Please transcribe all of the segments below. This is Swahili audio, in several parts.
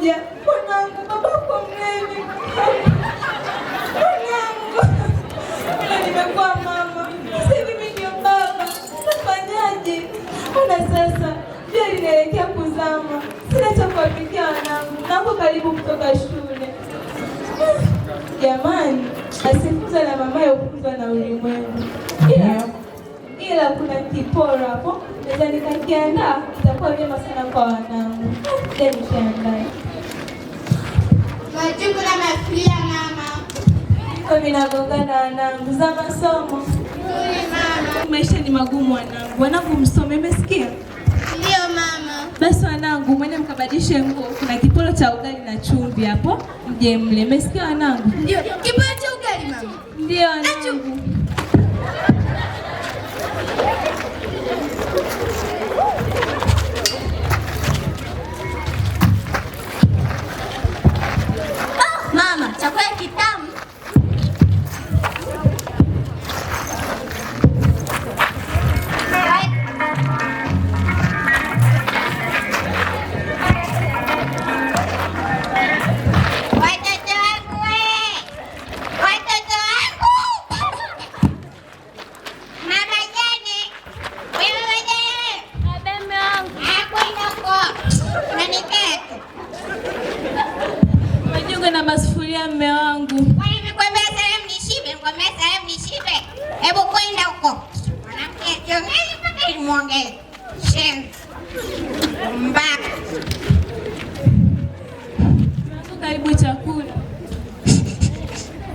kuja mwanangu, babako mlevi mwanangu, ila nimekuwa mama sasa hivi mimi ndio baba, nafanyaje? Ona sasa jua linaelekea kuzama, sina cha kuwapikia wanangu, nako karibu kutoka shule. Jamani, asikuzwa na mamaye, ukuzwa na ulimwengu ila ila kuna kipora hapo, naweza nikakiandaa, itakuwa vyema sana kwa wanangu. Nishaandae majukumu nafikiria mama, viko vinagongana wanangu, za masomo maisha ni magumu wanangu, wanangu msome, umesikia? Ndio mama. Basi wanangu, mwene mkabadilishe nguo, kuna kiporo cha ugali na chumvi hapo, mje mle, umesikia wanangu? Ndio. Kiporo cha ugali mama? Ndio wanangu.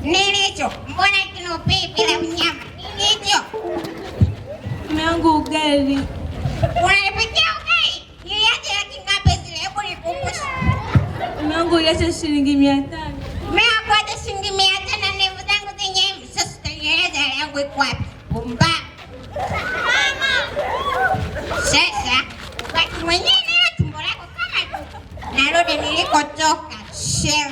Nini hicho? Mbona kinopei bila mnyama? Nini hicho? Nangu ugali. Unanipikia ugali? Niliacha laki ngapi zile? Hebu nikumbushe. Nangu uliacha shilingi 500. Mimi nakuacha shilingi 500 na ndevu zangu zenyewe. Sasa utanieleza yangu iko wapi? Pumba. Mama. Sasa, wakati mwenyewe tumbo lako kama narudi nilikotoka. Shell.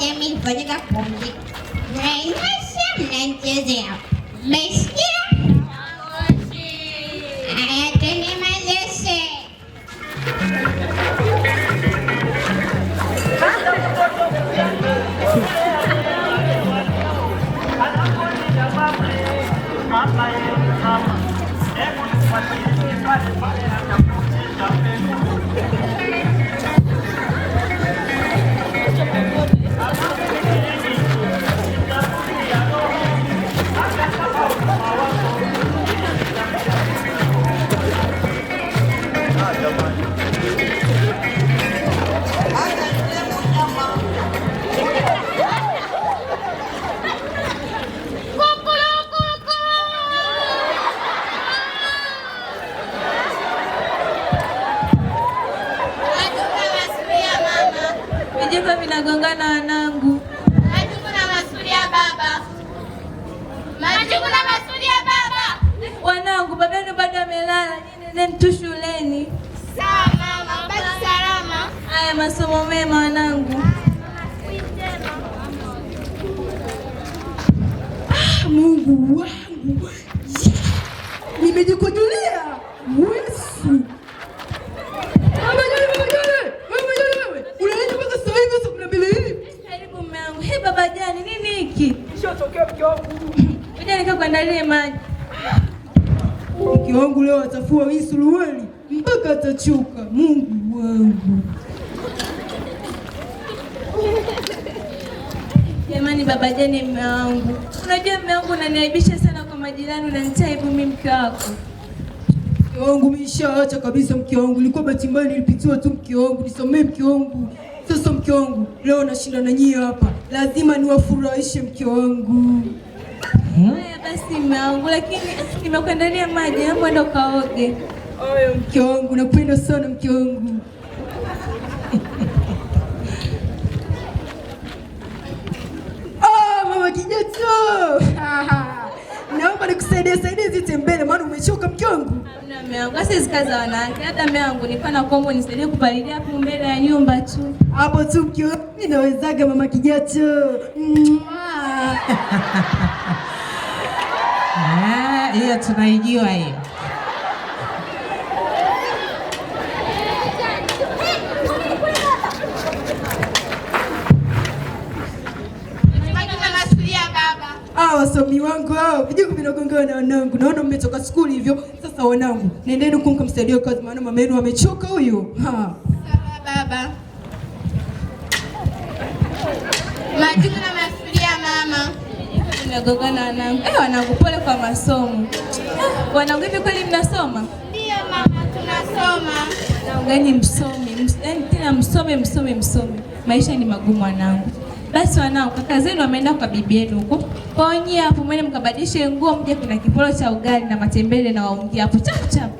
咱们国家的红旗，为那些人姐没事。Tuende mtu shuleni. Sawa mama, baki salama. Haya, masomo mema wanangu. Ah, Mungu wangu nimejikujulia Yesu. Karibu mmeangu. He baba jani, nini hiki? Nishatokea mke wangu. Kuja nikakuandalie maji. Mke wangu leo atafua hii suruali mpaka atachoka. Mungu wangu! Jamani, baba jani, mme wangu, unajua mme wangu unaniaibisha sana kwa majirani, unanitia aibu mimi mke wako. wangu nishaacha kabisa, mke wangu, ilikuwa bahati mbaya, nilipitiwa tu mke wangu, nisamee mke wangu. Sasa mke wangu, leo nashinda na nyie hapa, lazima niwafurahishe mke wangu. Haya basi mume wangu, lakini nimekuandalia maji, hebu enda ukaoge. Oyo mke wangu, napenda sana mke wangu. Oh, mama Kijato. Naomba nikusaidie saidie zitembele maana umechoka mke wangu. Hamna mume wangu, sasa zikaza wanawake. Hata mume wangu nilikuwa nakuomba unisaidie kupalilia hapo mbele ya nyumba tu. Hapo tu mke wangu, ninawezaga mama Kijato. Mm. Eh, hiyo tunaijua hiyo. Ah, wasomi wangu hao vijiko vinagongana na wanangu, naona mmetoka skuli hivyo. Sasa wanangu, nendeni huko mkamsaidie kazi, maana mama yenu amechoka huyu. Sawa baba mama. Nimegogana wanangu. Eh, wanangu pole kwa masomo. Eh, wanangu hivi kweli mnasoma? Ndio mama, tunasoma. Naungeni msome, yaani tena msome msome msome. Maisha ni magumu wanangu. Basi wanangu, kaka zenu wameenda kwa bibi yenu huko. Kwa hiyo hapo mwende mkabadilishe nguo mje kuna kiporo cha ugali na matembele na waongee hapo chap chap.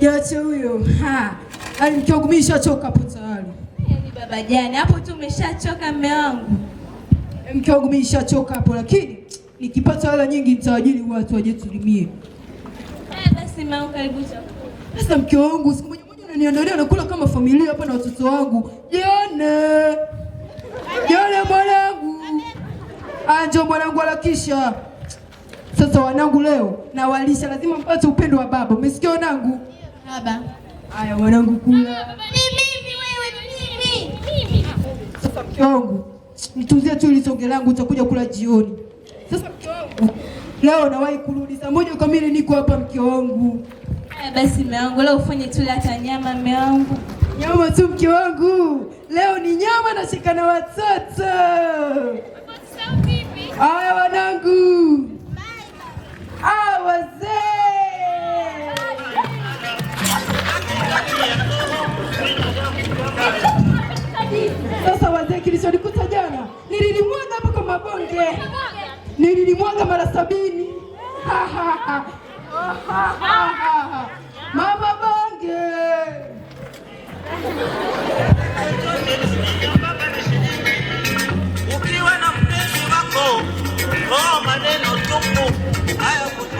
Yote huyo ha, yaani mkiogumishachoka hapo tayari. Ni yaani baba jani hapo tu umeshachoka mme wangu. Yaani mkiogumishachoka hapo lakini nikipata hela nyingi nitawajili watu waje tulimie. Eh, basi mau, karibu chakula. Sasa mke wangu siku moja moja unaniandalia nakula kama familia hapa na watoto wangu. Jione jione, mwanangu. Anjo ah, mwanangu alakisha. Sasa wanangu leo nawalisha lazima mpate upendo wa baba. Umesikia wanangu? yeah. Baba. Haya mwanangu kula. Sasa mke wangu, nitunzie tu ile songe langu utakuja kula jioni. Sasa mke wangu, leo nawahi kurudi saa moja kamili niko hapa mke wangu. Haya basi mke wangu, leo ufanye tu hata nyama mke wangu. Nyama tu mke wangu. Leo ni nyama na shika na watoto. Haya wanangu. Ah, wazee. nilimwaga mara sabini. Mama Bange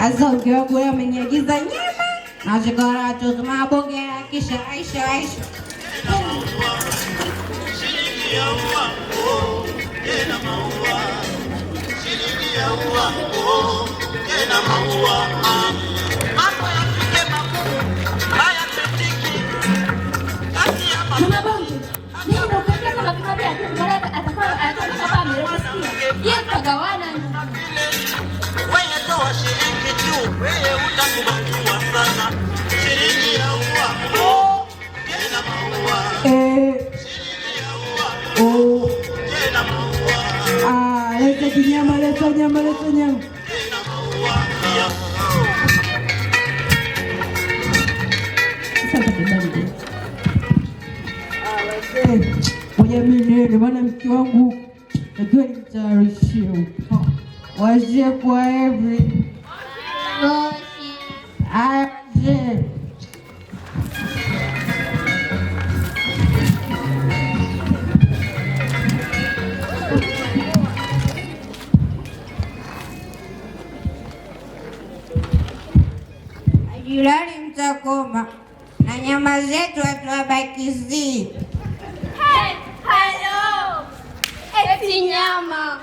Aza uke wangu wewe ameniagiza nyama na zikaracho zimabonge kisha Aisha Aisha Eh, Leta kinyama, leta nyama, leta nyama. Moja eh, maana mke wangu najua nimtayarishie upo. Wazee kwa every. Haya, wazee. jirani mtakoma, na nyama zetu hatuwabakizii. Halo, eti nyama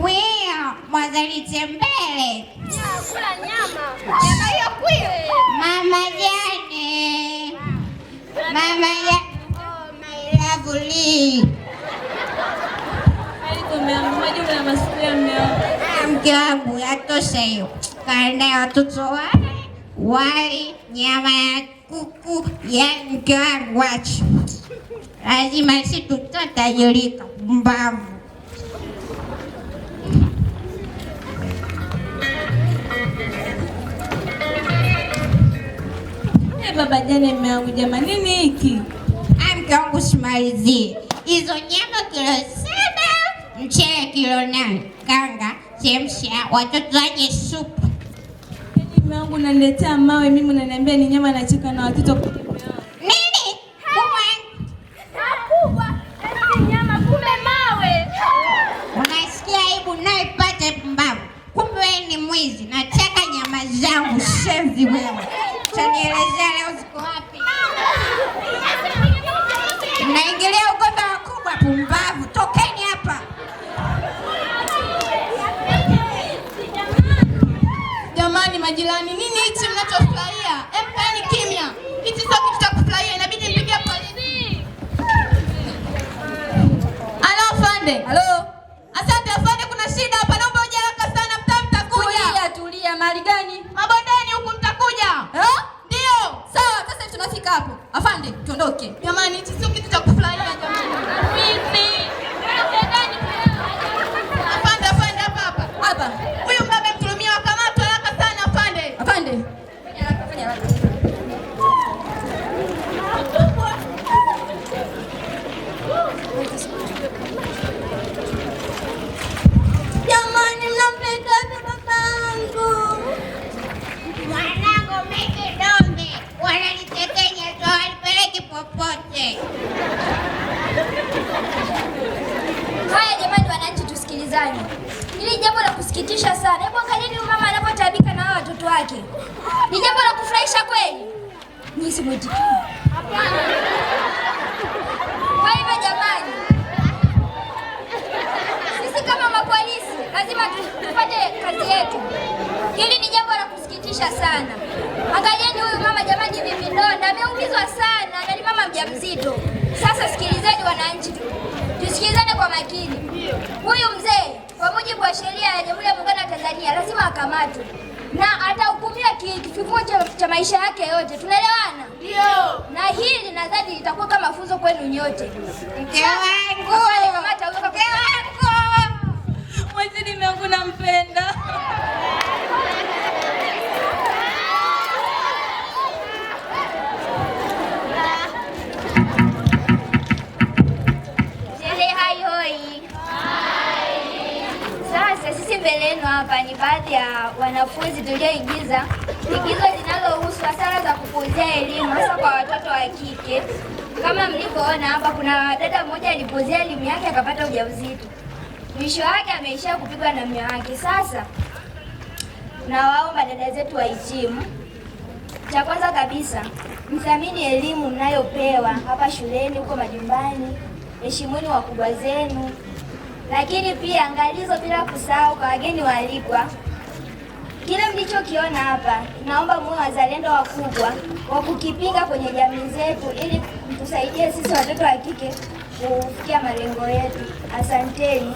kwia mwazalite mbele mama jane mama ja oh, mailavuli mke wangu, yatosha hiyo, kaenda watoto wa wali, nyama ya kuku ya mke wangu achi, lazima si tutatajirika mbavu. Hey, baba jana meangu, jamani, nini hiki? Mke wangu simalizie hizo nyama kilo saba, mchele kilo nane, kanga chemsha, watoto supu mume wangu unaniletea mawe mimi, unaniambia ni nyama, nacheka na watoto Kumbe ni mwizi, nataka nyama zangu. Shenzi wewe, utanielezea leo siku majirani, majirani, nini hichi mnachofurahia? Mpeni kimya, hichi sio kitu cha kufurahia, inabidi mpige polisi. Halo afande. Halo. Asante afande, kuna shida hapa, naomba uje haraka sana, mtaa mtakuja. Tulia, tulia, mali gani? Mabondeni huku mtakuja. Eh? Ndio. Sawa, sasa tunafika hapo. Afande, tuondoke. Jamani, hichi sio kitu cha kufurahia jamani. mezani. Hili jambo la kusikitisha sana. Hebu angalieni huyu mama anapotabika na watoto wake. Ni jambo la kufurahisha kweli? Ni simwitiki. Hapana. Kwa hivyo jamani, sisi kama mapolisi lazima tufanye kazi yetu. Hili ni jambo la kusikitisha sana. Angalieni huyu mama jamani, hivi vidonda ameumizwa sana na ni mama mjamzito. Sasa sikia akamatwe na atahukumiwa kifungo cha maisha yake yote. Tunaelewana? Ndio. Na hili nadhani litakuwa kama funzo kwenu nyote. Mke wangu, mke wangu, mwezi nimeangu Hivi mbele yenu hapa ni baadhi ya wanafunzi tulioigiza igizo linalohusu hasara za kupuuzia elimu hasa kwa watoto wa kike. Kama mlivyoona hapa, kuna dada mmoja alipuuzia elimu yake akapata ujauzito, mwisho wake ameishia kupigwa na mume wake. Sasa na wao madada zetu wahitimu, cha kwanza kabisa mthamini elimu mnayopewa hapa shuleni, huko majumbani, heshimuni wakubwa zenu lakini pia angalizo, bila kusahau kwa wageni waalikwa, kile mlichokiona hapa, naomba muwe wazalendo wakubwa wa kukipinga kwenye jamii zetu, ili mtusaidie sisi watoto wa kike kufikia malengo yetu. Asanteni.